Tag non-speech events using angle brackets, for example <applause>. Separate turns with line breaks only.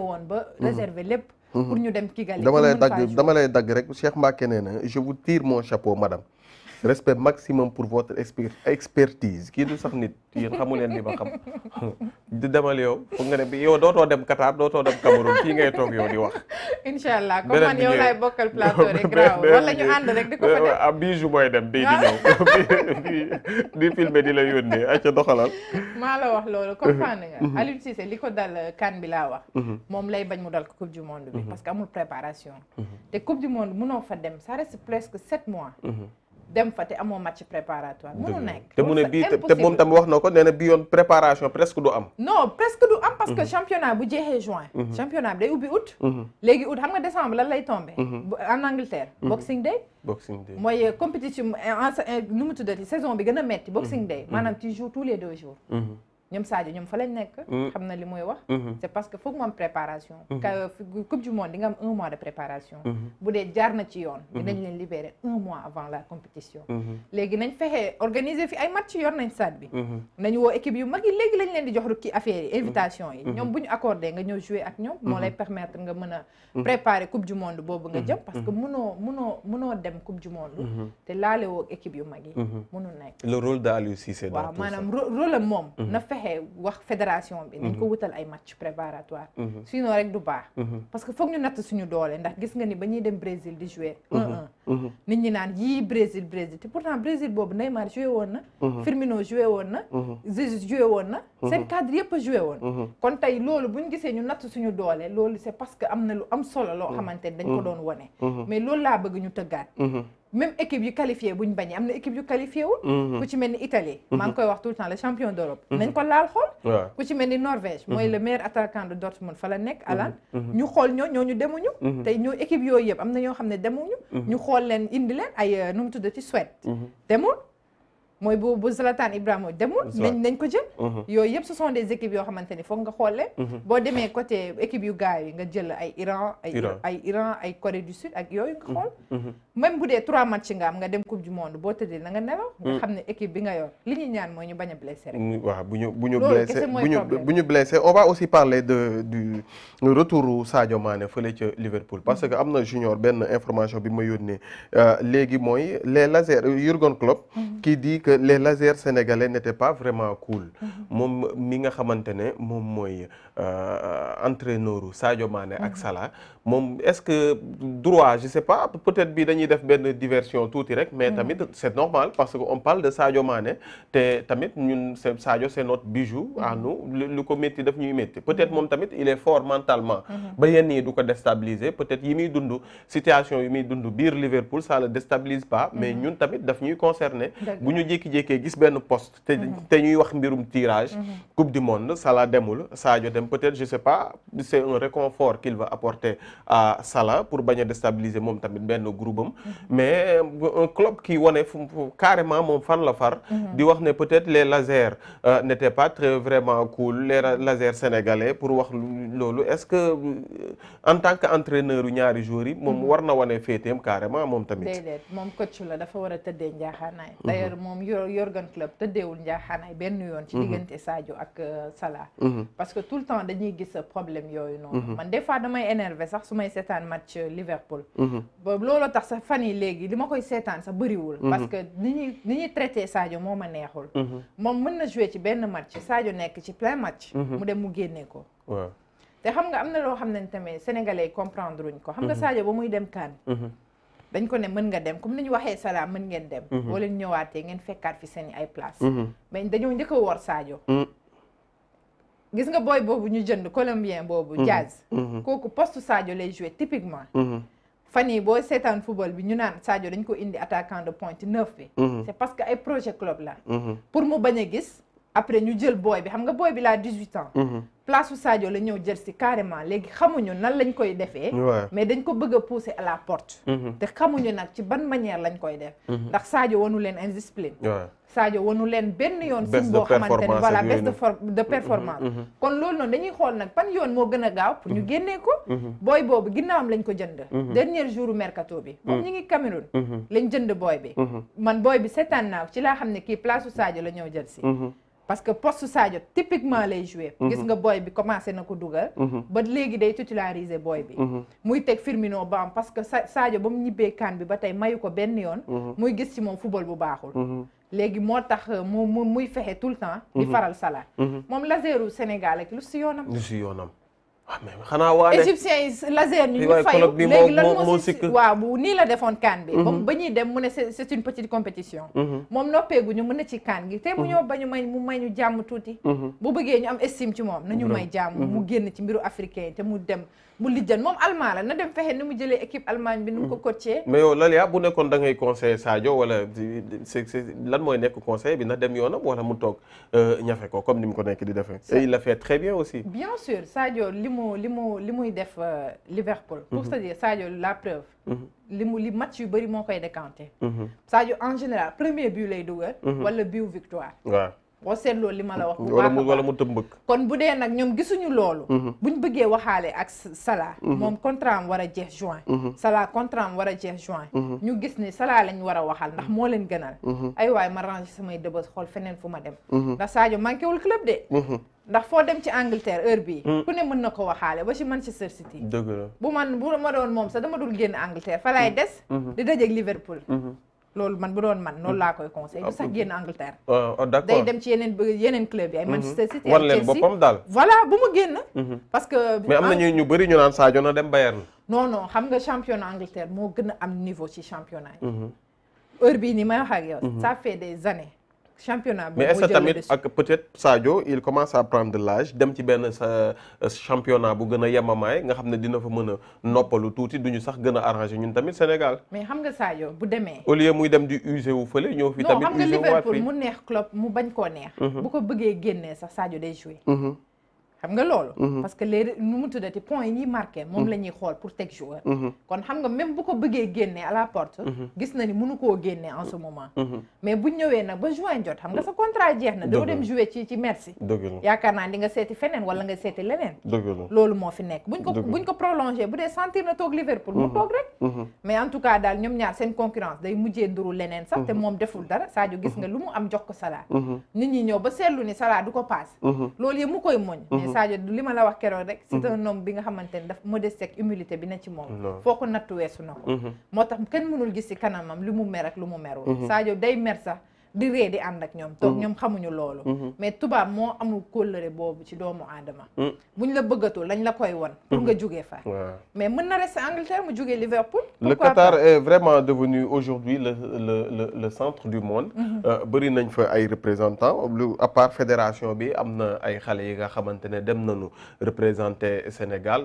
woon ba mhm. réserver lépp pour mhm. ñu dem Kigali dama lay dagg dama
lay dagg rek Cheikh Mbacké nee na je vous tire mon chapeau madame respect maximum pour votre expertise kii du sax nit yéen xamu leen li ma xam di demal yow foog nga ne bi yow dootoo dem Qatar dootoo dem Cameroun kii ngay toog yow di wax.
incha allah comme man yow laay bokkal <laughs> plateau rek graaw wala ñu ànd rek di ko fa
def am bii ju mooy dem bii di <laughs> la yónnee acca doxalal.
la wax loolu comprendre nga. Mhm. Aliou Cissé li ko dal kan euh, bi laa wax. Mhm. moom lay bañ mu dal ko coupe du monde bi. Mhm. parce que amul préparation. te coupe du monde mënoo fa dem ça reste presque sept mois. dem fa te amoo match préparatoire. mënu nekk te mu ne bii te moom tam
wax na ko nee bi yoon préparation presque du am.
non presque du am parce que mhm. championnat bu jeexee juin. Mhm. championnat bi day ubbi août. Mhm. léegi août xam nga décembre lan lay tombé.
en
Angleterre. Boxing Day. Boxing Day mooy euh, compétition euh, en euh, nu mu tuddati saison bi gën a metti Boxing Day maanaam tu joues tous les deux jours. ñoom Sadio ñoom fa lañ nekk. Mm. xam na li muy wax. Mm-hmm. c' est parce que foog mu am préparation. Mm-hmm. ka coupe du monde di nga un mois de préparation. Mm-hmm. bu dee jaar na ci yoon. dinañ leen libérer un mois avant la compétition. léegi nañ fexe organiser fi ay match yor nañ stade bi. nañu woo équipe yu mag yi léegi lañ leen di jox rek affaire yi invitation yi. ñoom bu ñu accordé nga ñëw jouer ak ñoom. moo lay permettre nga mën a. préparer coupe du monde boobu nga jëm. parce que mënoo mënoo mënoo dem coupe du monde. te laale woo équipe yu mag yi. mënul nekk
le rôle d'Aliou Cissé.
dans neexee wax fédération bi nañ ko mhm. wutal ay match préparatoire mhm. sinon rek du baax mhm. parce que foog ñu natt suñu doole ndax gis nga ni ba ñuy dem Brésil di jouer un un nit ñi naan yii Brésil Brésil te pourtant Brésil boobu Neymar joué woon na Firmino joué woon na Jesus joué woon na seen cadre yëpp a joué woon kon tey loolu buñ gisee ñu natt suñu doole loolu c'est parce que am na lu am solo loo xamante ne dañ ko doon wone mais loolu laa bëgg ñu tëggaat même équipe yu bu buñ bañee am na équipe yu qualifié wul mhm. ku ci mel ni Italie mhm. maa ngi koy wax tout le temps le champion d'Europe mhm. nañ ko laal xool ku ci mel ni Norvège mooy le meilleur attaquant de Dortmund fa la nekk Alan ñu xool ñoo ñooñu demuñu tey ñoo équipe yooyu yëpp am na ñoo xam ne demuñu ñu xool leen indi leen ay euh, nu mu tuddati Suède demul mooy bu bu Zlatan Ibrahimovic demul. nañ nañ ko jël. Uh-huh. yooyu yëpp ce sont des équipes yoo xamante ni foog nga xool leen. Uh-huh. boo demee côté équipe yu gars yi nga jël ay Iran. ay Iran ay Corée du Sud ak yooyu nga xool. Uh-huh. même bu dee trois matchs nga am nga dem coupe du monde boo tëddee na nga nelaw. nga xam ne équipe bi nga yor li ñu ñaan mooy ñu bañ a blessé
bu ñu bu ñu blessé bu ñu bu ñu blessé on va aussi parler de du retour Sadio Mané fële ca Liverpool. Mm-hmm. parce que am na junior benn information bi ma yónnee euh, léegi mooy les lasers Jurgen que les lasers sénégalais n'étaient pas vraiment cool. Mm-hmm. moom mi nga xamante ne moom mooy euh, entraîneur Sadio Mané ak mm-hmm. sala moom est-ce que droit je sais pas peut-être bi dañuy def benn diversion tuuti rek. mais mm-hmm. tamit c'est normal parce que on parle de Sadio Mané te tamit ñun Sadio c'est notre bijou à nous lu ko métti daf ñuy métti peut-être moom tamit il est fort mentalement. ba yenn yi du ko déstabiliser peut-être yi muy dund situation yi muy dundu biir Liverpool ça le déstabilise pas mais ñun jékki-jékkee gis benn poste mhm. te ñuy wax mbirum tirage mhm. coupe du monde Salah demul Sadio dem peut-être je sais pas c'est un réconfort qu'il va apporter à Salah pour bañ a déstabiliser moom tamit benn groupem mhm. mais un club qui wane fu carrément moom fan la far di wax ne peut-être les lasers euh, n'étaient pas très vraiment cool les lasers sénégalais pour wax loolu est-ce que euh, en tant que entraîneur yu ñaari joueurs yi moom war na wane féeteem carrément moom tamit
moom coach la dafa war Jürgen Klopp tëddeewul njaaxaanaay benn yoon ci mhm. diggante Sadio ak euh, Salah mhm. parce que tout le temps dañuy gis problème yooyu noonu mhm. man des fois damay énervé sax su may seetaan match euh, Liverpool looloo tax sax fan yi léegi li ma koy seetaan sa bëriwul parce que ni ñuy ni ñuy traité saajo moo ma neexul moom mën na jouer ci benn match saajo nekk ci plein match mu dem mu génnee ko te xam nga am na loo xam ne tamit sénégalais comprendre wuñ ko xam nga Sadio ba muy dem kaan dañ ko ne mën nga dem comme ni ñu waxee salaam mën ngeen dem mhm. boo leen ñëwaatee ngeen fekkaat fi seen ay place mhm. mais dañoo njëkk a woor Sadio mhm. gis nga booy boobu ñu jënd colombien boobu Diaz kooku poste Sadio lay joué typiquement fan yi boo seetaan football bi ñu naan Sadio dañ ko indi attaquant de pointe neuf bi c'est parce que ay projet club la pour mu bañ a gis après ñu jël booy bi xam nga booy bi laa dix-huit ans place Sadio la ñëw jël si carrément léegi xamuñu nan lañ koy defee. mais dañ ko bëgg a pousser à la porte. Mm-hmm. te xamuñu nag ci ban manière lañ koy def. Mm-hmm. ndax Sadio wanu leen indiscipline. Sadio wanu leen benn yoon. bés de performance ak voilà baisse de performance. Mm-hmm. kon loolu noonu dañuy xool nag pan yoon moo gën a gaaw pour ñu génnee ko. booy boobu ginnaawam lañ ko jënd. dernier jour mercato bi. moom mm. ñu ngi Cameroun. lañ jënd booy bi. man booy bi seetaan naa ci laa xam ne kii place la ñëw jël si. parce que poste Sadio typiquement lay joué. Mhm. gis nga booy bi commencé na ko dugal. Mhm. ba léegi day titulariser booy bi. Mhm. muy teg Firmino ba am parce que Sadio ba mu ñibbee kan bi ba tey mayu ko benn yoon. muy gis ci moom football bu baaxul. léegi moo tax euh, mu muy fexe tout le temps. di faral Salah. moom lazeeru Sénégal ak si yoonam. lu si yoonam. waaw ah, mais xanaa waale égyptiens yi laser ñu ñu fayu léegi lan moo si waaw bu nii la defoon kaan bi mhm. ba ñuy dem mu ne c'est une petite compétition mhm. moom noppeegu ñu mën na ci kaan gi te mu mhm. ñoo bañu may mu may ñu jàmm tuuti bu bëggee ñu am estime ci moom nañu may jàmm mu génn ci mbiru africain yi te mu dem mu lijjan moom allemand la na dem fexe ni mu jëlee équipe Allemagne bi nu mu ko coaché
mais yow Lalia bu nekkoon da ngay conseillé Sadio wala c'est lan mooy nekk conseil bi na dem yoonam wala mu toog euh, ñafe comme ni mu ko nekk di defee il l'a
mu li mu li muy def euh, Liverpool. pour c'est-à-dire mhm. la preuve. Mhm. li mu li match yu bëri moo koy décanté. Mhm. Sadio en général premier but lay dugal. wala but victoire. waaw boo seetloo li ma la wax. bu baax
wala mu tëb mbëkk.
kon bu dee nag ñoom gisuñu loolu. buñ bëggee waxaale ak Salah. moom contrat am war a jeex juin. Salah contrat am war a jeex juin. ñu gis ni Salah lañ war a waxal ndax moo leen gënal. ay waay ma rangé samay dëbës xool feneen fu ma dem. ndax Sadio manqué wul ndax foo dem ci Angleterre heure bii. Mm. ku ne mën na ko waxaale ba ci Manchester City. dëgg bu man bu ma doon moom sa dama dul génn Angleterre fa laay mm. des. Mm-hmm. di dajeeg Liverpool. Mm-hmm. loolu man bu doon man loolu laa koy conseil du ah, sax génn Angleterre.
Ah, ah, d'accord day dem
ci yeneen yeneen club yi ay mm-hmm. Manchester City leen boppam daal. voilà bu génn. parce que. am na ñu
ñu bëri ñu naan Sadio na dem ba Bayern.
non non xam nga championnat Angleterre moo gën a am niveau ci championnat yi. heure bii nii may wax ak yow. des années. championnat mais est-ce que tamit
ak peut-être Sadio il commence à prendre de l'âge dem ci benn sa euh, championnat bu gën a yemamaay nga xam ne dina fa mën a noppalu tuuti duñu sax gën a arrangé ñun tamit Sénégal.
mais xam nga Sadio bu demee. au
lieu muy dem di usé wu fële ñëw fi tamit. usé wu waat mu
neex Klopp mu bañ koo neex. Mhm. bu ko bëggee génnee sax Sadio day joué. Mhm. xam nga loolu. Mhm. parce que les nu mu tuddati points yi marqué. moom mhm. la xool pour teg joueur. Mhm. kon xam nga même bu ko bëggee génnee à la porte. gis na ni mënu koo génnee en ce moment. ba juin jot xam nga sa na. doo dem jouer ci naa di nga seeti feneen wala nga seeti leneen. loolu moo fi nekk buñ ko buñ ko prolongé bu dee sentir na toog Liverpool. mu toog rek. moom deful dara Sadio gis nga lu mu am jox ko Salah. nit ñi ñëw ba seetlu ni Salah du ko paas. loolu yëpp mu koy moñ. Sadio mm-hmm. li ma la wax keroog rek c'est mm-hmm. un homme bi nga xamante ne daf modeste ak humilité bi na ci moom foo ko nattu weesu na ko mm-hmm. moo tax kenn mënul gis ci kanamam li mu mer ak lu mu merul Sadio day mer sax di ree di ànd ak ñoom toog mm-hmm. ñoom xamuñu loolu mm-hmm. mais tubaab moo amul kóllëre boobu ci doomu aadama mm. buñ la bëggatul lañ la koy won pour nga mm-hmm. jugee fa mais mën na rester Angleterre mu jugee Liverpool le Qatar est
vraiment devenu aujourd'hui le le le le centre du monde euh, bari nañ fa ay représentants lu part fédération bi am na ay xale yi nga xamante ne dem na nañu représenter Sénégal